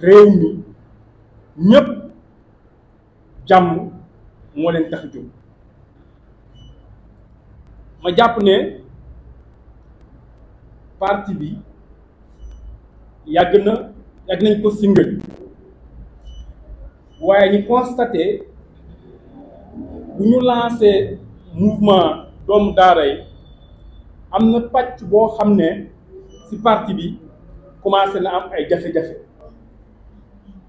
Réunis nous sommes jàmm moo leen tax parti bi yagna, partie nañ ko Mais nous constaté bu lancé mouvement d'hommes d'arrêt, parti bi commencé na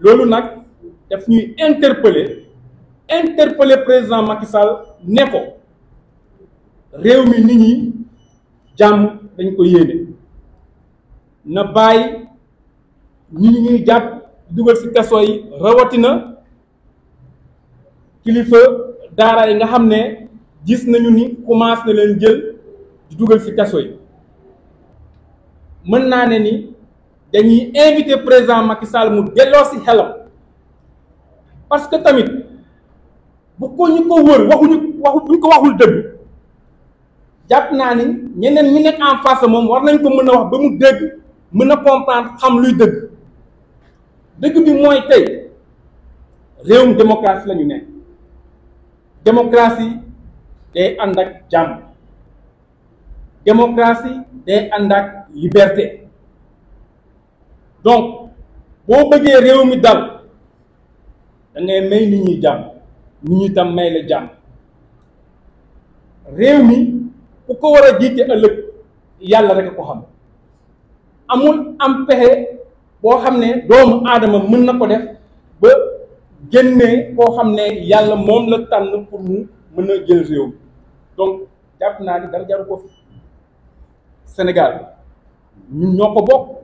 loolu nag daf ñuy interpeller interpeller président Macky Sall ne ko réew mi nit ñi jàmm dañ ko yéene na bàyyi ñi ñuy jàpp dugal ci kaso yi rawatina kilifa daara yi nga xam ne gis nañu ni commencé na leen jël di dugal ci kaso yi mën naa ne ni dañuy invité président Macky mu parce que tamit bu ko ñu ko wër waxu ko waxul en face mom war nañ ko wax ba mu comprendre xam luy bi démocratie la démocratie est démocratie liberté donc boo bëggee réew mi dal da ngay may nit ñi jàmm nit ñi tam may la jàmm réew mi ku ko war a jiite ëllëg yàlla rek a ko xam amul am pexe boo xam ne doomu aadama mën na ko def ba génnee koo xam ne yàlla moom la tànn pour mu mën a jël réew mi donc jàpp naa ni dara jaru ko fi Sénégal ñun ñoo ko bokk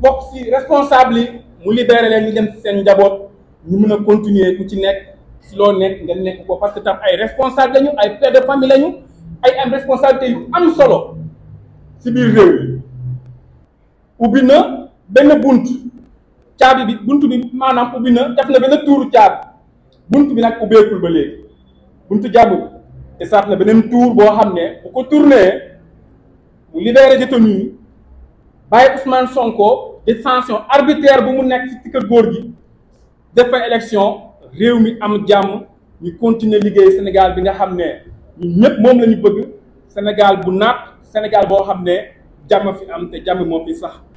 bokk ci responsable yi mu libéré leen dem seen njaboot ñu mën a continuer ku ci nekk ci loo nekk nga nekk ko parce que tam ay responsable lañu ay père de famille lañu ay am responsabilité yu am solo si biir réew yi ubbi na benn bunt caabi bi bunt bi def na benn tuuru caabi bunt bi nag ubbeekul ba léegi bunt jàmm te saat na beneen tuur boo xam ne bu ko tourné mu libéré détenu yi bàyyi Ousmane Sonko. détention arbitraire bu mu nekk ci kër góor gi def élection réew mi am jàmm ñu continuer liggéey Sénégal bi nga nous ne même ñëpp moom bëgg Sénégal bu Sénégal boo xam ne jàmm fi am te jàmm moom fi sax